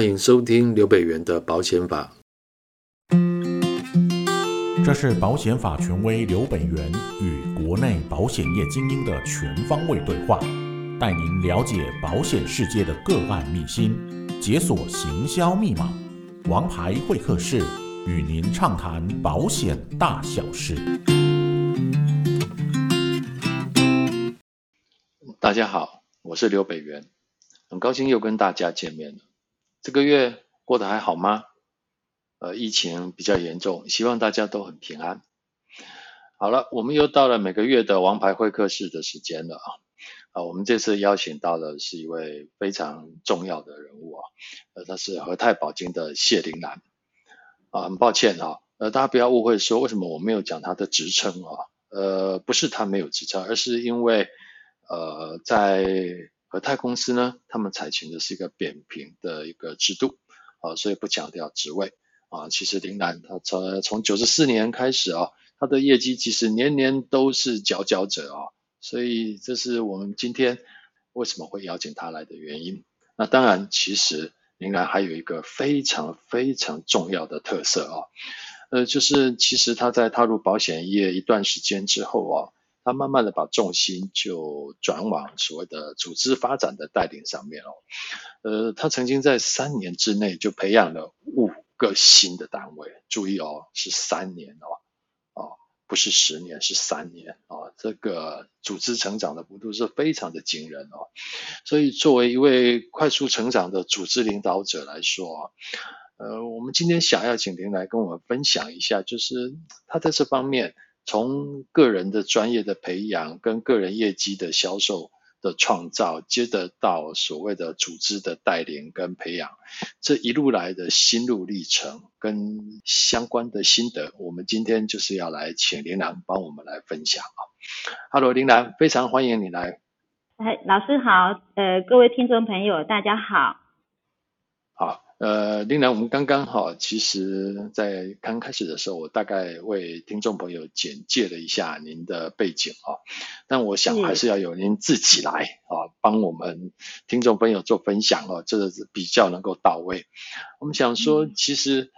歡迎收聽劉北元的保險法。這是保險法權威劉北元與國內保險業精英的全方位對話，帶您了解保險世界的個案秘辛，解鎖行銷密碼，王牌會客室，與您暢談保險大小事。大家好，我是劉北元，很高興又跟大家見面了。這個月過得還好嗎？呃，疫情比較嚴重，希望大家都很平安。好了，我們又到了每個月的王牌會客室的時間了啊！啊，我們這次邀請到的是一位非常重要的人物啊！呃，他是和泰保經的謝玲蘭啊。很抱歉啊，呃，大家不要誤會，說為什麼我沒有講他的職稱啊？呃，不是他沒有職稱，而是因為呃，在和泰公司呢，他們採取的是一個扁平的一個制度，啊，所以不強調職位，啊，其實玲蘭他從從九十四年開始啊，他的業績其實年年都是佼佼者啊，所以這是我們今天為什麼會邀請他來的原因。那當然，其實玲蘭還有一個非常非常重要的特色啊，呃，就是其實他在踏入保險業一段時間之後啊。他慢慢的把重心就轉往所謂的組織發展的帶領上面哦，呃，他曾經在三年之內就培養了五個新的單位，注意哦，是三年哦，哦，不是十年，是三年哦，這個組織成長的幅度是非常的驚人哦，所以作為一位快速成長的組織領導者來說，呃，我們今天想要請您來跟我們分享一下，就是他在這方面。從個人的專業的培養，跟個人業績的銷售的創造，接着到所謂的組織的帶領跟培養，這一路來的心路歷程跟相關的心得，我們今天就是要來請玲蘭幫我們來分享啊。Hello，玲蘭，非常歡迎你來。哎，老師好，呃，各位聽眾朋友，大家好。好，呃，玲蘭我們剛剛好，其實，在剛開始的時候，我大概為聽眾朋友簡介了一下您的背景啊，但我想還是要由您自己來啊、嗯，幫我們聽眾朋友做分享哦，這個是比較能夠到位。我們想說，其實。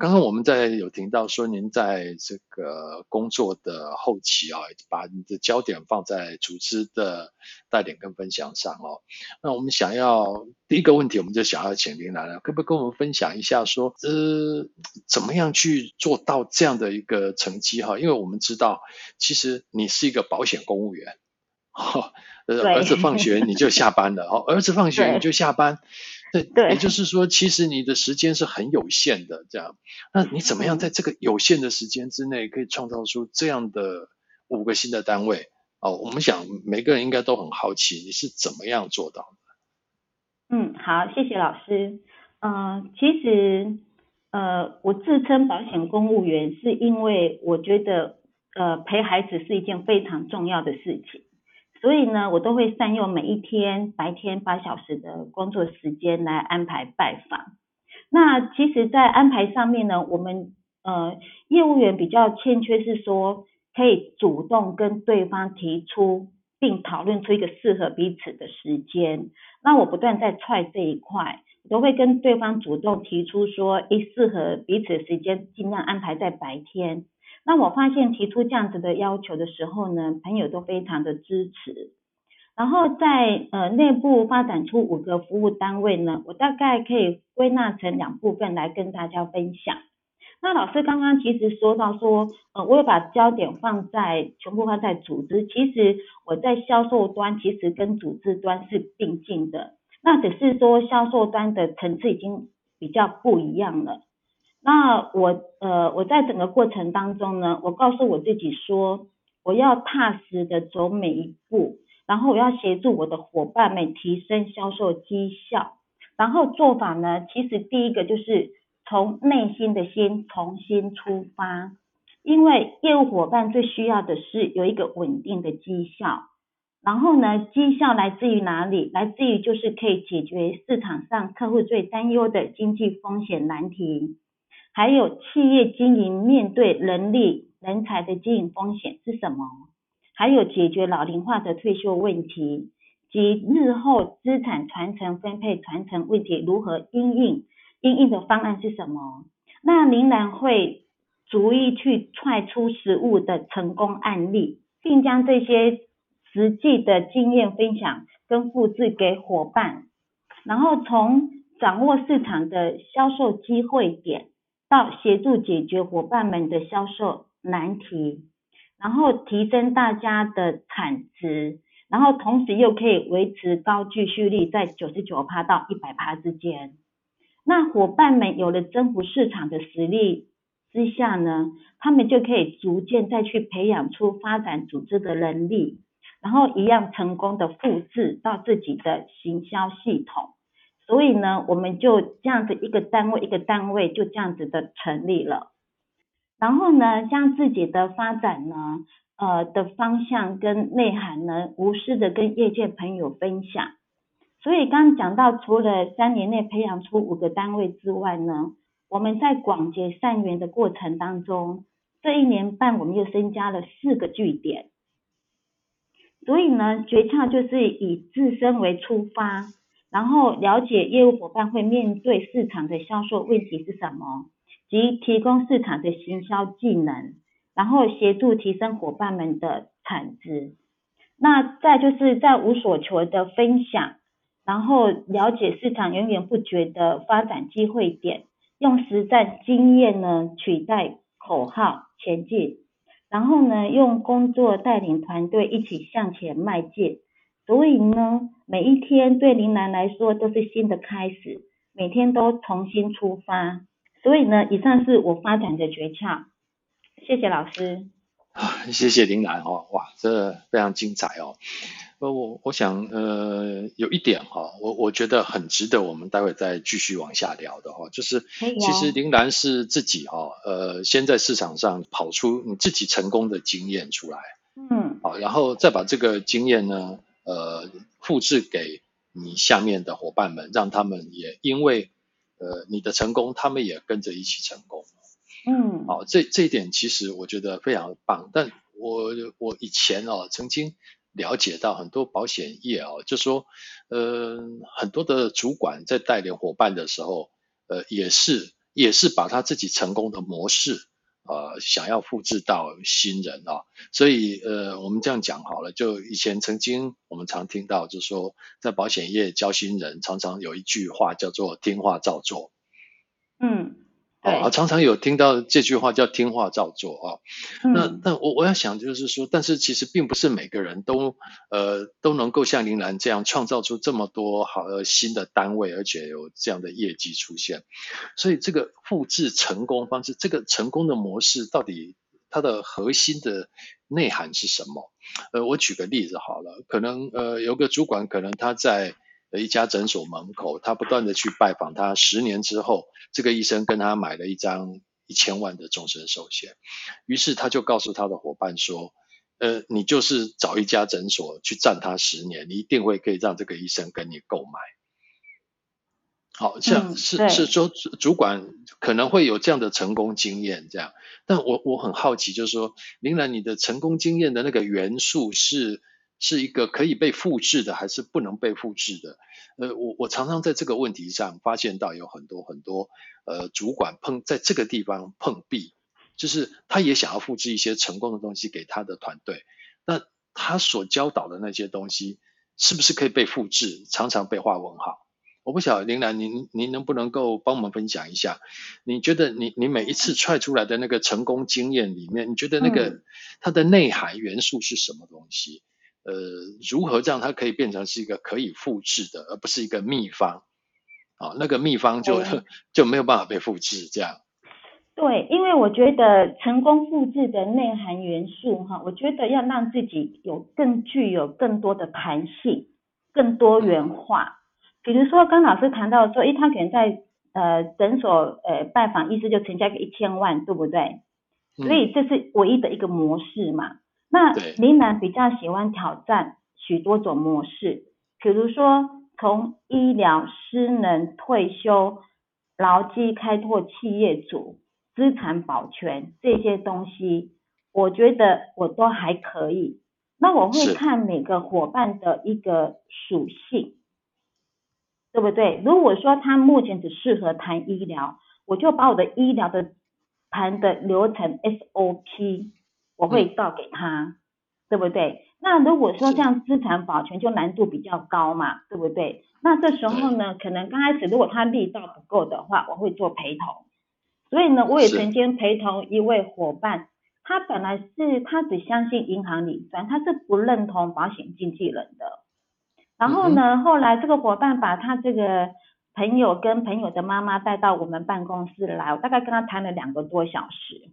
剛剛我們在有聽到說您在這個工作的後期啊、哦，把你的焦點放在組織的帶領跟分享上哦。那我們想要第一個問題，我們就想要請您來了，可不可以跟我們分享一下說，呃，怎麼樣去做到這樣的一個成績哈、哦？因為我們知道，其實你是一個保險公務員，哈，呃，兒子放學你就下班了，好、 哦，兒子放學你就下班。對，對，也就是說，其實你的時間是很有限的，這樣，那你怎麼樣在這個有限的時間之內，可以創造出這樣的五個新的單位？哦，我們想每個人應該都很好奇，你是怎麼樣做到的？嗯，好，謝謝老師。嗯、呃，其實，呃，我自稱保險公務員，是因為我覺得，呃，陪孩子是一件非常重要的事情。所以呢，我都會善用每一天白天八小時的工作時間來安排拜訪。那其實，在安排上面呢，我們呃業務員比較欠缺是說，可以主動跟對方提出，並討論出一個適合彼此的時間。那我不斷在 try 這一塊，我都會跟對方主動提出說，誒，適合彼此的時間，盡量安排在白天。當我發現提出這樣子的要求的時候呢，朋友都非常的支持。然後在呃內部發展出五個服務單位呢，我大概可以歸納成兩部分來跟大家分享。那老師剛剛其實說到說，呃，我有把焦點放在全部放在組織，其實我在銷售端其實跟組織端是並進的，那只是說銷售端的層次已經比較不一樣了。那我呃我在整個過程當中呢，我告訴我自己說，我要踏實的走每一步，然後我要協助我的夥伴們提升銷售績效。然後做法呢，其實第一個就是從內心的心重新出發，因為業務夥伴最需要的是有一個穩定的績效。然後呢，績效來自於哪裡？來自於就是可以解決市場上客戶最擔憂的經濟風險難題。還有企業經營面對人力人才的經營風險是什麼？還有解決老齡化的退休問題及日後資產傳承分配傳承問題如何因應，因應的方案是什麼？那玲蘭會逐一去踹出實務的成功案例，並將這些實際的經驗分享跟複製給夥伴，然後從掌握市場的銷售機會點，到協助解決夥伴們的銷售難題，然後提升大家的產值，然後同時又可以維持高繼續率，在九十九趴到一百趴之間。那夥伴們有了征服市場的實力之下呢，他們就可以逐漸再去培養出發展組織的能力，然後一樣成功的複製到自己的行銷系統。所以呢，我們就這樣子一個單位一個單位就這樣子的成立了。然後呢，將自己的發展呢，呃的方向跟內涵呢，無私的跟業界朋友分享。所以剛剛講到，除了三年內培養出五個單位之外呢，我們在廣結善緣的過程當中，這一年半我們又增加了四個據點。所以呢，訣竅就是以自身為出發。然後了解業務夥伴會面對市場的銷售問題是什麼，及提供市場的行銷技能，然後協助提升夥伴們的產值。那再就是在無所求的分享，然後了解市場源源不絕的發展機會點，用實戰經驗呢，取代口號前進，然後呢，用工作帶領團隊一起向前邁進。所以呢，每一天對玲蘭來說都是新的開始，每天都重新出發。所以呢，以上是我發展的訣竅。謝謝老師。謝謝玲蘭哦，哇，這非常精彩哦。呃，我我想呃，有一點哈，我我覺得很值得我們待會再繼續往下聊的哈，就是其實玲蘭是自己哈，呃，先在市場上跑出你自己成功的經驗出來，嗯，好，然後再把這個經驗呢，呃，複製給你下面的夥伴們，讓他們也因為呃你的成功，他們也跟着一起成功。嗯，好，這這一點其實我覺得非常棒。但我我以前哦，曾經了解到很多保險業哦，就說呃很多的主管在帶領夥伴的時候，呃也是也是把他自己成功的模式。呃，想要複製到新人啊，哦，所以呃，我們這樣講好了，就以前曾經我們常聽到，就說在保險業教新人，常常有一句話叫做聽話照做。嗯。哦，常常有聽到這句話叫“聽話照做、哦”啊、嗯，那那我我要想就是說，但是其實並不是每個人都呃都能夠像玲蘭這樣創造出這麼多好的新的單位，而且有這樣的業績出現，所以這個複制成功方式，這個成功的模式到底它的核心的內涵是什麼？呃，我舉個例子好了，可能呃有個主管，可能他在。的一家診所門口，他不斷地去拜訪他。十年之後，這個醫生跟他買了一張一千萬的終身壽險。於是他就告訴他的夥伴說：“呃，你就是找一家診所去站他十年，你一定會可以讓這個醫生跟你購買。好”好像、嗯、是是說主管可能會有這樣的成功經驗這樣。但我我很好奇，就是說玲蘭，你的成功經驗的那個元素是？是一個可以被複製的，還是不能被複製的？呃，我我常常在這個問題上發現到有很多很多呃，主管碰在這個地方碰壁，就是他也想要複製一些成功的東西給他的團隊，那他所教導的那些東西是不是可以被複製？常常被畫問號。我不曉得玲蘭，您您能不能夠幫我們分享一下？你覺得你你每一次踹出來的那個成功經驗裡面，你覺得那個它的內涵元素是什麼東西？嗯呃，如何讓它可以變成是一個可以複製的，而不是一個秘方啊、哦？那個秘方就，oh, yes. 就沒有辦法被複製，這樣。對，因為我覺得成功複製的內涵元素哈，我覺得要讓自己有更具有更多的彈性，更多元化。嗯、比如說，剛老師談到說，他可能在呃診所呃拜訪，醫師就成交個一千萬，對不對，嗯？所以這是唯一的一個模式嘛？那玲蘭比較喜歡挑戰許多種模式，比如說，從醫療、失能、退休、勞基、開拓、企業組資產保全這些東西，我覺得我都還可以。那我會看每個夥伴的一個屬性，對不對？如果說他目前只適合談醫療，我就把我的醫療的談的流程 SOP。我會告給他、嗯，對不對？那如果說像資產保全就難度比較高嘛，對不對？那這時候呢，可能剛開始如果他力道不夠的話，我會做陪同。所以呢，我也曾經陪同一位夥伴，他本來是他只相信銀行理財，他是不認同保險經紀人的。然後呢、嗯，後來這個夥伴把他這個朋友跟朋友的媽媽帶到我們辦公室來，我大概跟他談了兩個多小時。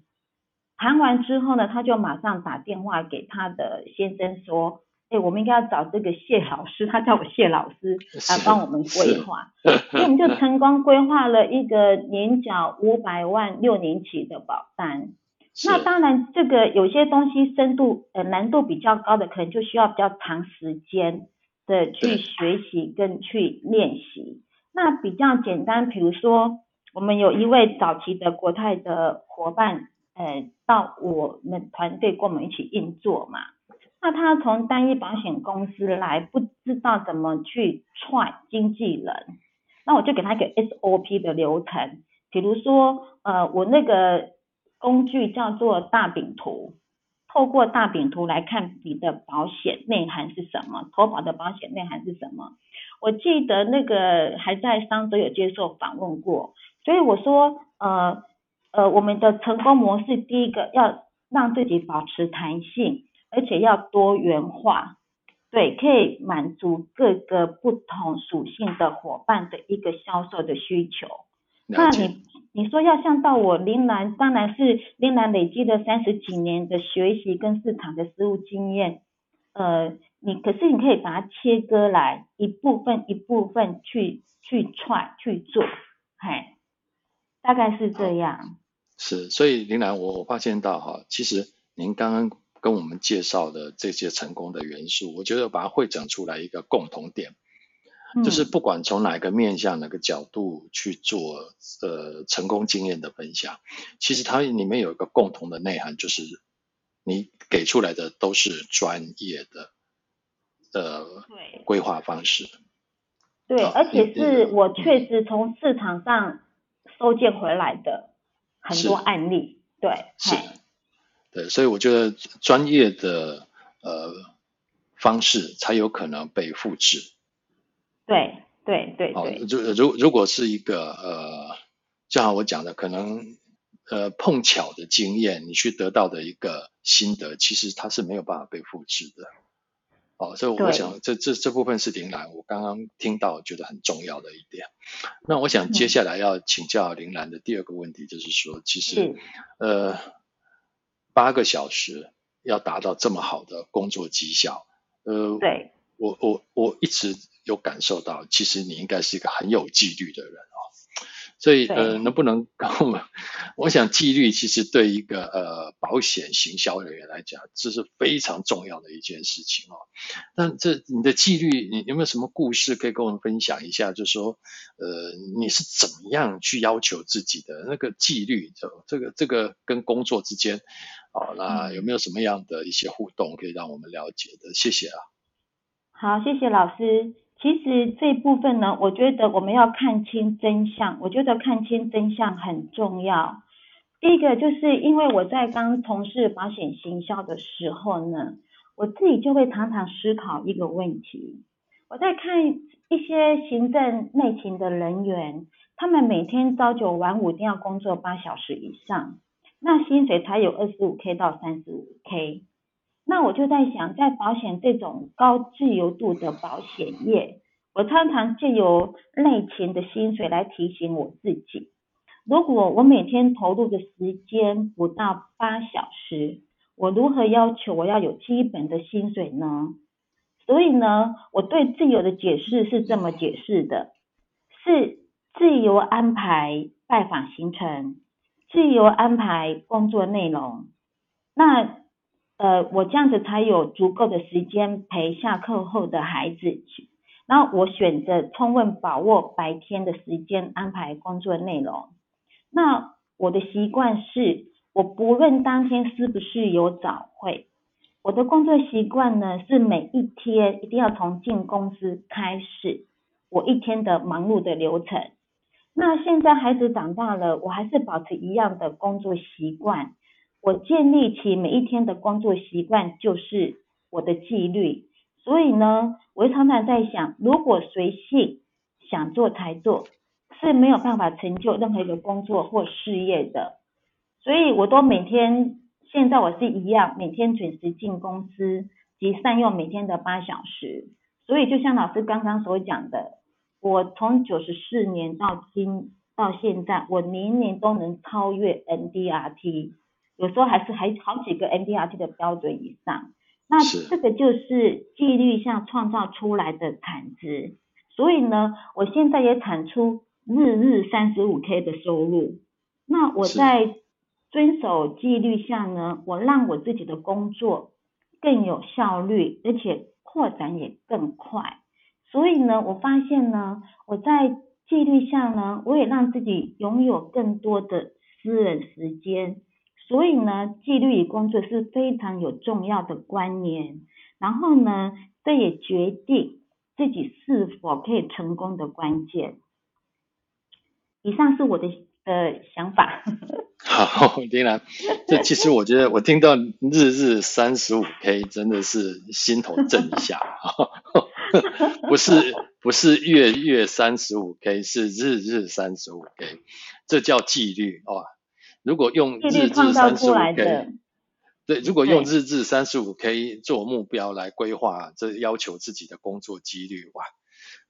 談完之後呢，他就馬上打電話給他的先生說：“誒，我們應該要找這個謝老師，他叫我謝老師來幫我們規劃。” 所以我們就成功規劃了一個年繳五百萬六年期的保單。那當然，這個有些東西深度，呃，難度比較高的，可能就需要比較長時間的去學習跟去練習。那比較簡單，比如說我們有一位早期的國泰的夥伴。呃、嗯，到我們團隊跟我們一起運作嘛。那他從單一保險公司來，不知道怎麼去踹經紀人。那我就給他一個 SOP 的流程，比如說，呃，我那個工具叫做大餅圖，透過大餅圖來看你的保險內涵是什麼，投保的保險內涵是什麼。我記得那個還在商周有接受訪問過，所以我說，呃。呃，我們的成功模式，第一個要讓自己保持彈性，而且要多元化，對，可以滿足各個不同屬性的夥伴的一個銷售的需求。那你你說要像到我玲蘭，當然是玲蘭累積了三十幾年的學習跟市場的實務經驗，呃，你可是你可以把它切割來一部分一部分去去 try，去做，嘿，大概是這樣。是，所以玲蘭，我我發現到哈，其實您剛剛跟我們介紹的這些成功的元素，我覺得我把它彙整出來一個共同點，嗯、就是不管從哪個面向，哪個角度去做呃成功經驗的分享，其實它裡面有一個共同的內涵，就是你給出來的都是專業的呃規劃方式。對，啊、而且是我確實從市場上收件回來的。很多案例，對，是，對，所以我覺得專業的呃方式才有可能被複製。對，對，對，對。如如如果是一個呃，就像我講的，可能呃碰巧的經驗，你去得到的一個心得，其實它是沒有辦法被複製的。哦，所以我想，這這這部分是玲蘭，我剛剛聽到覺得很重要的一點。那我想接下來要請教玲蘭的第二個問題，就是說、嗯，其實，呃，八個小時要達到這麼好的工作績效，呃，對，我我我一直有感受到，其實你應該是一個很有紀律的人。所以，呃，能不能跟我們，我想，紀律其實對一個呃保險行銷人員來講，這是非常重要的一件事情哦。但這你的紀律，你有沒有什麼故事可以跟我們分享一下？就是說，呃，你是怎麼樣去要求自己的那個紀律？這這個這個跟工作之間，啊，哦，那有沒有什麼樣的一些互動可以讓我們了解的？謝謝啊。好，謝謝老師。其實這部分呢，我覺得我們要看清真相。我覺得看清真相很重要。第一個就是因為我在剛從事保險行銷的時候呢，我自己就會常常思考一個問題。我在看一些行政內勤的人員，他們每天朝九晚五，一定要工作八小時以上，那薪水才有二十五 K 到三十五 K。那我就在想，在保險這種高自由度的保險業，我常常借由內勤的薪水來提醒我自己。如果我每天投入的時間不到八小時，我如何要求我要有基本的薪水呢？所以呢，我對自由的解釋是這麼解釋的。是自由安排拜訪行程，自由安排工作內容。那呃，我這樣子才有足夠的時間陪下課後的孩子去，然後我選擇充分把握白天的時間安排工作內容。那我的習慣是，我不論當天是不是有早會，我的工作習慣呢，是每一天一定要從進公司開始，我一天的忙碌的流程。那現在孩子長大了，我還是保持一樣的工作習慣。我建立起每一天的工作習慣，就是我的紀律。所以呢，我常常在想，如果隨性想做才做，是沒有辦法成就任何一個工作或事業的。所以，我都每天，現在我是一樣，每天準時進公司及善用每天的八小時。所以，就像老師剛剛所講的，我從九十四年到今到現在，我年年都能超越 MDRT。有時候還是還好幾個 MDRT 的標準以上，那這個就是紀律下創造出來的產值。所以呢，我現在也產出日日三十五 K 的收入。那我在遵守紀律下呢，我讓我自己的工作更有效率，而且擴展也更快。所以呢，我發現呢，我在紀律下呢，我也讓自己擁有更多的私人時間。所以呢，紀律與工作是非常有重要的關聯，然後呢，這也決定自己是否可以成功的關鍵。以上是我的呃想法。 好，玲蘭，這其實我覺得我聽到日日三十五 k 真的是心頭震一下 不是不是月月三十五 k，是日日三十五 k，這叫紀律哦。如果用日薪三十五 k，對，如果用日薪三十五 k 做目標來規劃，這要求自己的工作紀律哇，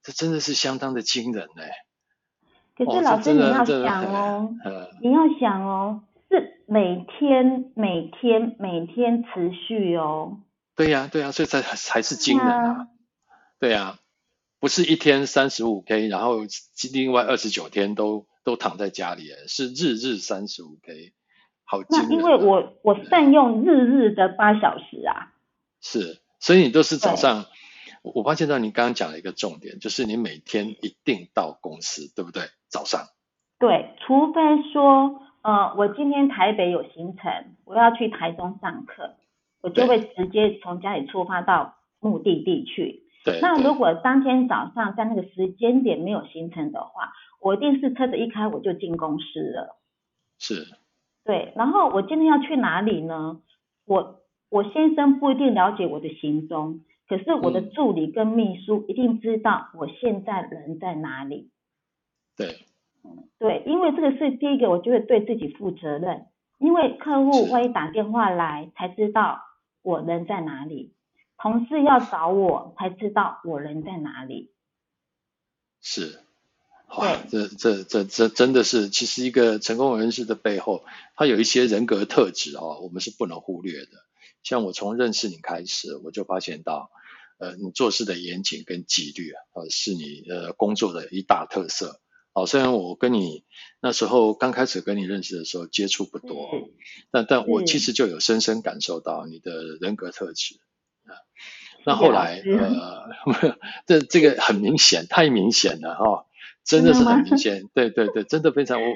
這真的是相當的驚人嘞、欸。可是老師、哦、這你要想哦、嗯，你要想哦，是每天每天每天持續哦。對呀、啊、對呀、啊，所以才才是驚人啊。對呀、啊啊，不是一天三十五 k，然後另外二十九天都。都躺在家裡，是日日三十五 K，好驚人。那因為我我善用日日的八小時啊。是，所以你都是早上。我我發現到你剛剛講了一個重點，就是你每天一定到公司，對不對？早上。對，除非說呃我今天台北有行程，我要去台中上課，我就會直接從家裡出發到目的地去。對。那如果當天早上在那個時間點沒有行程的話。我一定是車子一開我就進公司了，是，對。然後我今天要去哪裡呢？我我先生不一定了解我的行蹤，可是我的助理跟秘書一定知道我現在人在哪裡。嗯、對，對，因為這個是第一個，我就會對自己負責任。因為客戶萬一打電話來才知道我人在哪裡，同事要找我才知道我人在哪裡。是。好，這這這這真的是，其實一個成功人士的背後，他有一些人格特質啊、哦，我們是不能忽略的。像我從認識你開始，我就發現到，呃，你做事的嚴謹跟紀律，呃，是你呃工作的一大特色。哦，雖然我跟你那時候剛開始跟你認識的時候接觸不多，mm -hmm. 但但我其實就有深深感受到你的人格特質啊。Mm -hmm. 那後來呃，yeah. mm -hmm. 這這個很明顯，太明顯了哈、哦。真的是很明顯， 對對對，真的非常我，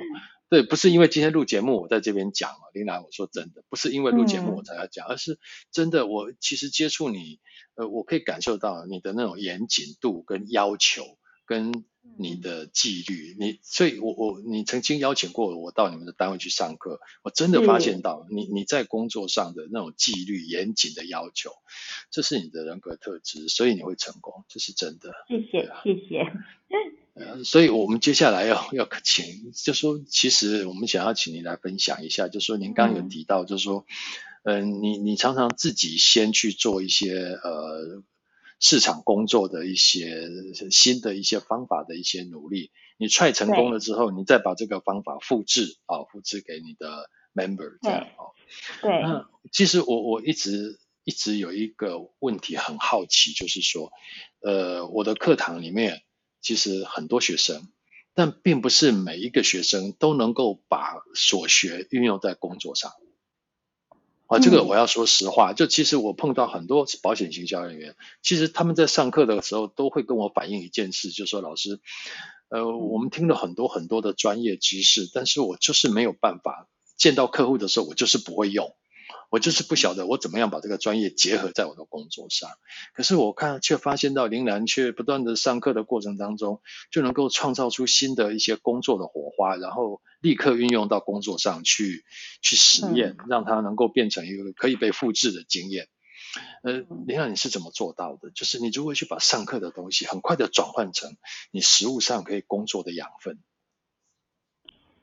對，不是因為今天錄節目我在這邊講啊，玲蘭，我說真的不是因為錄節目我才要講，嗯、而是真的我其實接觸你，呃，我可以感受到你的那種嚴謹度跟要求，跟你的紀律，你所以我，我我你曾經邀請過我到你們的單位去上課，我真的發現到你你，你在工作上的那種紀律嚴謹，謹的要求，這是你的人格特質，所以你會成功，這是真的。謝謝、啊、謝謝。呃，所以，我們接下來要要請，就說，其實我們想要請您來分享一下，就說您剛剛有提到，就是說，嗯，你你常常自己先去做一些呃市場工作的一些新的一些方法的一些努力，你踹成功了之後，你再把這個方法複製啊、哦，複製給你的 member 這樣啊。對。那其實我我一直一直有一個問題很好奇，就是說，呃，我的課堂裡面。其實很多學生，但並不是每一個學生都能夠把所學運用在工作上。啊，這個我要說實話，嗯、就其實我碰到很多保險行銷人員，其實他們在上課的時候都會跟我反映一件事，就說老師，呃，我們聽了很多很多的專業知識，但是我就是沒有辦法見到客戶的時候，我就是不會用。我就是不曉得我怎麼樣把這個專業結合在我的工作上，可是我看卻發現到玲蘭卻不斷的上課的過程當中，就能夠創造出新的一些工作的火花，然後立刻運用到工作上去，去實驗，讓它能夠變成一個可以被複製的經驗。呃，玲蘭你是怎麼做到的？就是你如何去把上課的東西很快的轉換成你實務上可以工作的養分。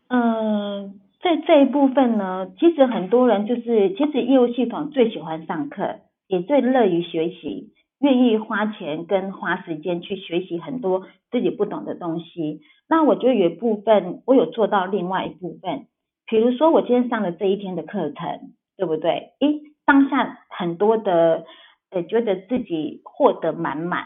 嗯。在這一部分呢，其實很多人就是，其實業務系統最喜歡上課，也最樂於學習，願意花錢跟花時間去學習很多自己不懂的東西。那我覺得有一部分，我有做到另外一部分，比如說我今天上了這一天的課程，對不對？哎，當下很多的，呃，覺得自己獲得滿滿，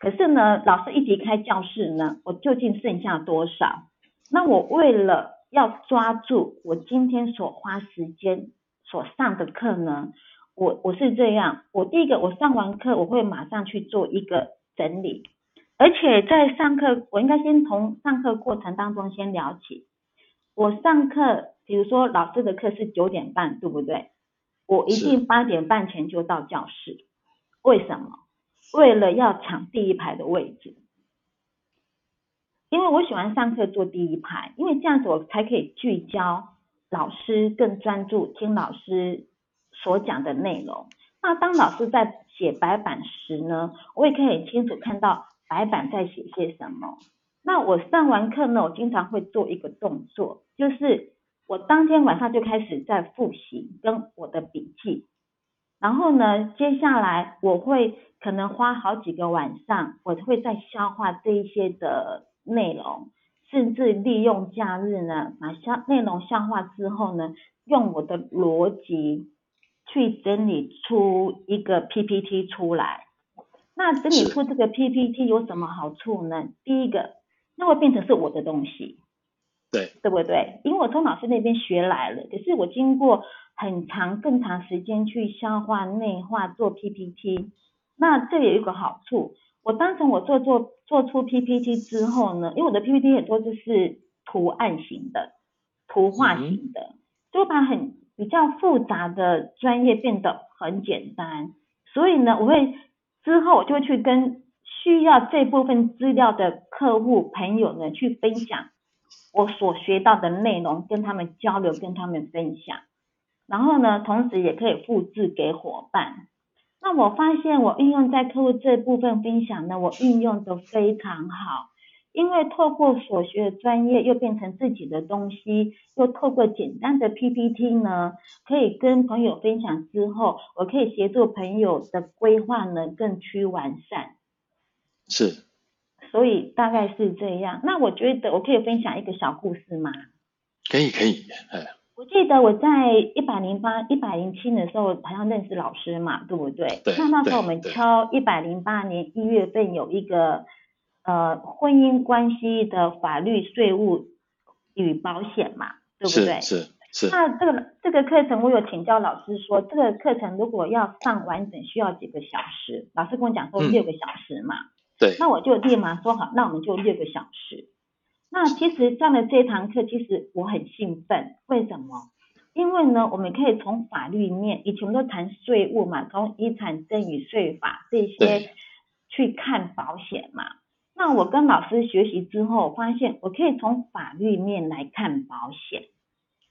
可是呢，老師一離開教室呢，我究竟剩下多少？那我為了。要抓住我今天所花時間所上的課呢，我我是這樣，我第一個我上完課我會馬上去做一個整理，而且在上課我應該先從上課過程當中先聊起。我上課，比如說老師的課是九點半，對不對？我一定八點半前就到教室，為什麼？為了要搶第一排的位置。因為我喜歡上課坐第一排，因為這樣子我才可以聚焦老師，更專注聽老師所講的內容。那當老師在寫白板時呢，我也可以清楚看到白板在寫些什麼。那我上完課呢，我經常會做一個動作，就是我當天晚上就開始在複習跟我的筆記。然後呢，接下來我會可能花好幾個晚上，我會在消化這一些的內容，甚至利用假日呢，把消內容消化之後呢，用我的邏輯去整理出一個 PPT 出來。那整理出這個 PPT 有什麼好處呢？第一個，那會變成是我的東西，對，對不對？因為我從老師那邊學來了，可是我經過很長更長時間去消化內化做 PPT，那這也有一個好處。我當成我做做做出 PPT 之後呢，因為我的 PPT 很多就是圖案型的、圖畫型的，就把很比較複雜的專業變得很簡單。所以呢，我會之後我就去跟需要這部分資料的客戶朋友呢去分享我所學到的內容，跟他們交流，跟他們分享。然後呢，同時也可以複製給夥伴。那我發現我運用在客戶這部分分享呢，我運用得非常好，因為透過所學的專業又變成自己的東西，又透過簡單的 PPT 呢，可以跟朋友分享之後，我可以協助朋友的規劃呢更趨完善。是。所以大概是這樣。那我覺得我可以分享一個小故事嗎？可以，可以，我記得我在一百零八、一百零七的時候，好像認識老師嘛，對不對？那那時候我們敲一百零八年一月份有一個呃婚姻關係的法律、稅務與保險嘛，對不對？是是是。那這個這個課程，我有請教老師說，這個課程如果要上完整，需要幾個小時？老師跟我講說六個小時嘛。嗯，對。那我就立馬說好，那我們就六個小時。那其實上了這堂課，其實我很興奮。為什麼？因為呢，我們可以從法律面，以前我們都談稅務嘛，從遺產贈與稅法這些，去看保險嘛、嗯。那我跟老師學習之後，發現我可以從法律面來看保險。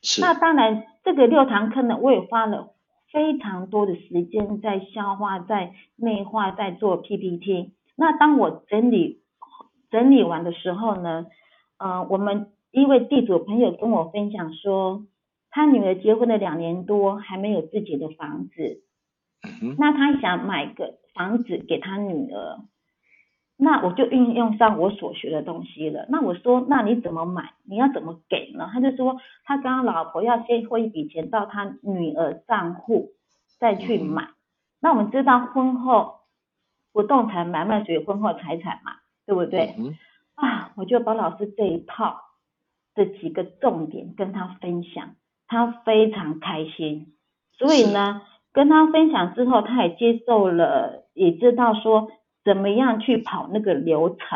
是。那當然，這個六堂課呢，我也花了非常多的時間在消化、在內化、在做 PPT。那當我整理整理完的時候呢？嗯、呃，我們一位地主朋友跟我分享說，他女兒結婚了兩年多，還沒有自己的房子、嗯，那他想買個房子給他女兒，那我就運用上我所學的東西了。那我說，那你怎麼買？你要怎麼給呢？他就說，他跟他老婆要先匯一筆錢到他女兒賬戶，再去買、嗯。那我們知道，婚後不動產買賣屬於婚後財產嘛，對不對？嗯啊，我就把老師這一套，這幾個重點跟他分享，他非常開心。所以呢，跟他分享之後，他也接受了，也知道說怎麼樣去跑那個流程。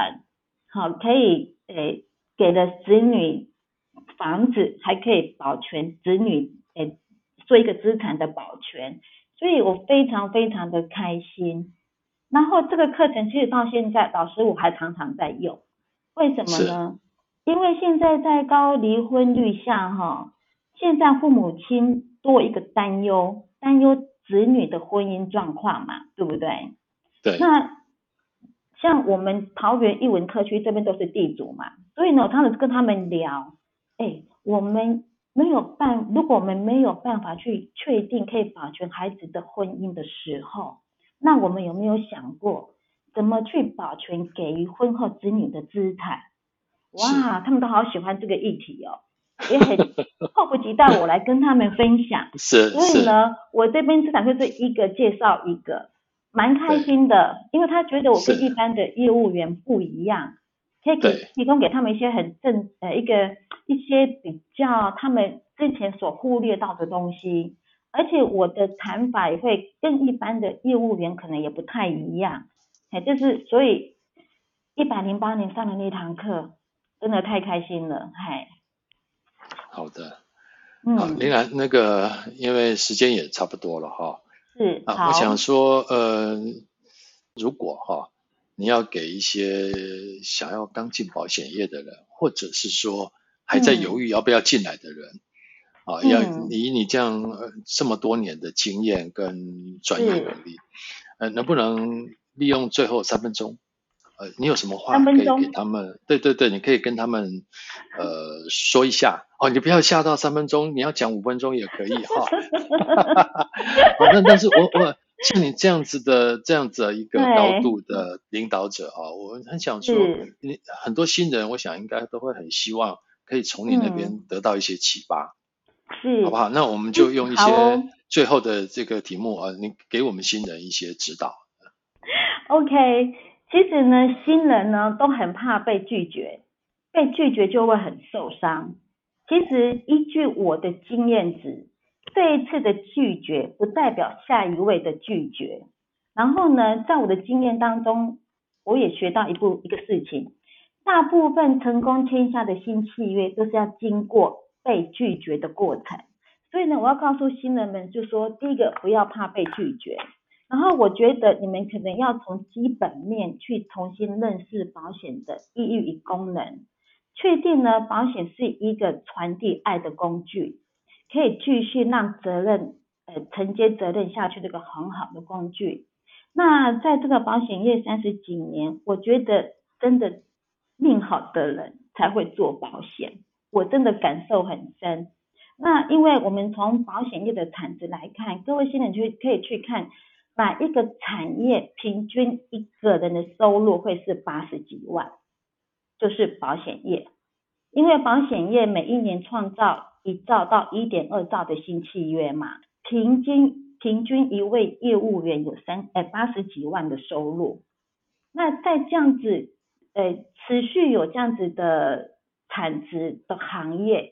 好，可以，誒，給了子女房子，還可以保全子女，誒，做一個資產的保全。所以我非常非常的開心。然後這個課程其實到現在，老師我還常常在用。為什麼呢？因為現在在高離婚率下，哈，現在父母親多一個擔憂，擔憂子女的婚姻狀況嘛，對不對？對。那像我們桃園藝文特區這邊都是地主嘛，所以呢，他們跟他們聊，哎，我們沒有辦，如果我們沒有辦法去確定可以保全孩子的婚姻的時候，那我們有沒有想過？怎麼去保全給予婚後子女的資產？哇，他們都好喜歡這個議題哦，也很迫不及待我來跟他們分享。 是，所以呢，我這邊資產就是一個介紹一個，蠻開心的，因為他覺得我跟一般的業務員不一樣，可以提供給他們一些很正呃一個一些比較他們之前所忽略到的東西，而且我的談法也會跟一般的業務員可能也不太一樣。哎，就是所以，一百零八年上的那堂課，真的太開心了，嗨。好的。嗯，好玲蘭，那個因為時間也差不多了哈、哦。是。啊，我想說，呃，如果哈、哦，你要給一些想要剛進保險業的人，或者是說還在猶豫要不要進來的人，嗯、啊，要以你這樣這麼多年的經驗跟專業能力，呃，能不能？利用最後三分鐘，呃，你有什麼話可以給他們？對對對，你可以跟他們，呃，說一下哦。你不要嚇到三分鐘，你要講五分鐘也可以哈。哦、 好，那但是我我像你這樣子的這樣子的一個高度的領導者啊，我很想說，你很多新人，我想應該都會很希望可以從你那邊得到一些啟發，嗯，好不好？那我們就用一些最後的這個題目、哦、啊，你給我們新人一些指導。OK，其實呢，新人呢都很怕被拒絕，被拒絕就會很受傷。其實，依據我的經驗值，這一次的拒絕不代表下一位的拒絕。然後呢，在我的經驗當中，我也學到一部一個事情，大部分成功簽下的新契約都是要經過被拒絕的過程。所以呢，我要告訴新人們，就說第一個，不要怕被拒絕。然後我覺得你們可能要從基本面去重新認識保險的意義與功能，確定呢，保險是一個傳遞愛的工具，可以繼續讓責任呃承接責任下去的一個很好的工具。那在這個保險業三十幾年，我覺得真的命好的人才會做保險，我真的感受很深。那因為我們從保險業的產值來看，各位新人去可以去看。把一個產業平均一個人的收入會是八十幾萬，就是保險業，因為保險業每一年創造一兆到一點二兆的新契約嘛，平均平均一位業務員有三呃，哎、八十幾萬的收入，那在這樣子呃持續有這樣子的產值的行業，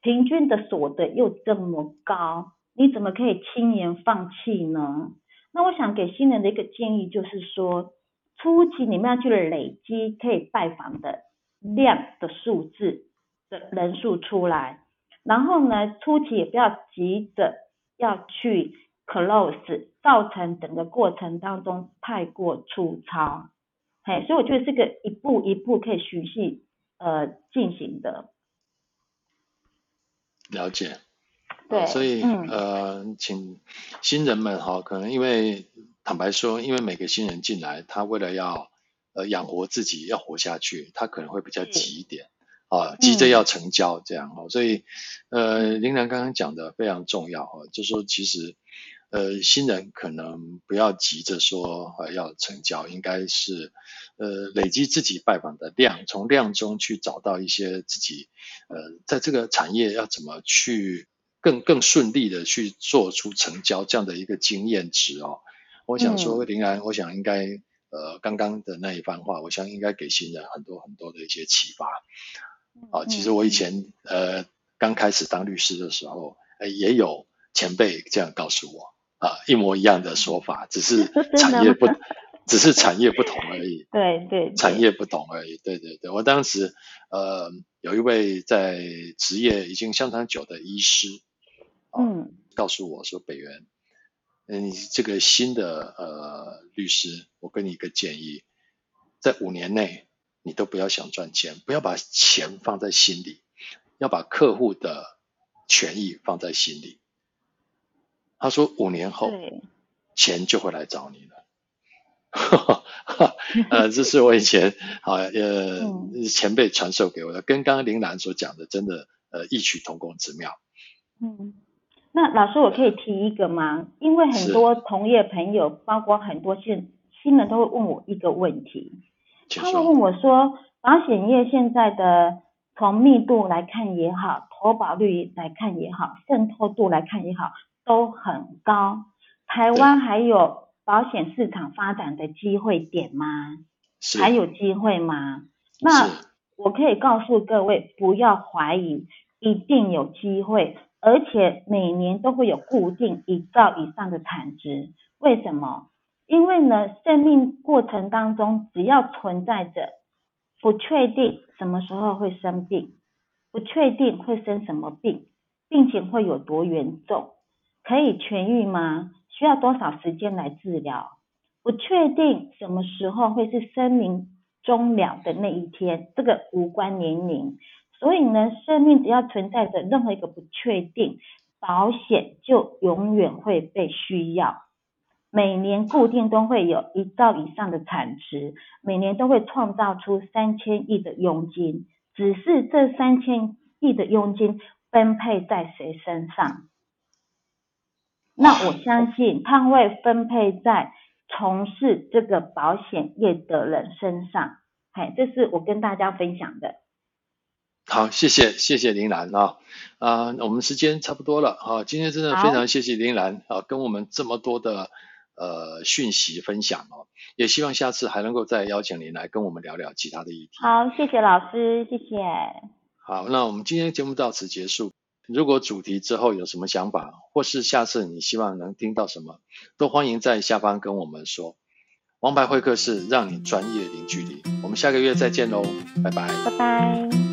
平均的所得又這麼高，你怎麼可以輕言放棄呢？那我想給新人的一個建議就是說，初期你們要去累積可以拜訪的量的數字的人數出來，然後呢，初期也不要急着要去 close，造成整個過程當中太過粗糙，嘿，所以我覺得這個一步一步可以循序呃進行的。了解。對、嗯，所以呃，請新人們哈，可能因為坦白說，因為每個新人進來，他為了要呃養活自己，要活下去，他可能會比較急一點啊，急着要成交這樣哈、嗯。所以呃，玲蘭剛剛講的非常重要哈，就是、說其實呃，新人可能不要急着說呃要成交，應該是呃累積自己拜訪的量，從量中去找到一些自己呃在這個產業要怎麼去。更更順利的去做出成交這樣的一個經驗值哦、嗯，我想說玲蘭，我想應該呃剛剛的那一番話，我想應該給新人很多很多的一些啟發啊、嗯。其實我以前呃剛開始當律師的時候，呃也有前輩這樣告訴我啊，一模一樣的說法，只是產業不，只是產業不同而已、嗯。 對對，對，產業不同而已。對對對，我當時呃有一位在職業已經相當久的醫師。嗯，告訴我說北元，嗯，這個新的呃律師，我給你一個建議，在五年內你都不要想賺錢，不要把錢放在心裡，要把客戶的權益放在心裡。他說五年後錢就會來找你了。哈哈，呃，這是我以前啊 呃、嗯、前輩傳授給我的，跟剛剛玲蘭所講的真的呃異曲同工之妙。嗯。那老師，我可以提一個嗎？因為很多同業朋友，包括很多新新人，都會問我一個問題。他會問我說：“保險業現在的從業密度來看也好，投保率來看也好，滲透度來看也好，都很高。台灣還有保險市場發展的機會點嗎？還有機會嗎？”那我可以告訴各位，不要懷疑，一定有機會。而且每年都會有固定一兆以上的產值。為什麼？因為呢，生命過程當中，只要存在着不確定什麼時候會生病，不確定會生什麼病，病情會有多嚴重，可以痊癒嗎？需要多少時間來治療？不確定什麼時候會是生命終了的那一天，這個無關年齡。所以呢，生命只要存在着任何一個不確定，保險就永遠會被需要。每年固定都會有一兆以上的產值，每年都會創造出三千億的佣金。只是這三千億的佣金分配在誰身上？那我相信，它會分配在從事這個保險業的人身上。嘿，這是我跟大家分享的。好，謝謝謝謝玲蘭啊，啊、呃，我們時間差不多了啊，今天真的非常謝謝玲蘭啊，跟我們這麼多的呃訊息分享哦、啊，也希望下次還能夠再邀請您來跟我們聊聊其他的議題。好，謝謝老師，謝謝。好，那我們今天節目到此結束。如果主題之後有什麼想法，或是下次你希望能聽到什麼，都歡迎在下方跟我們說。王牌會客室讓你專業零距離，我們下個月再見嘍、嗯，拜拜，拜拜。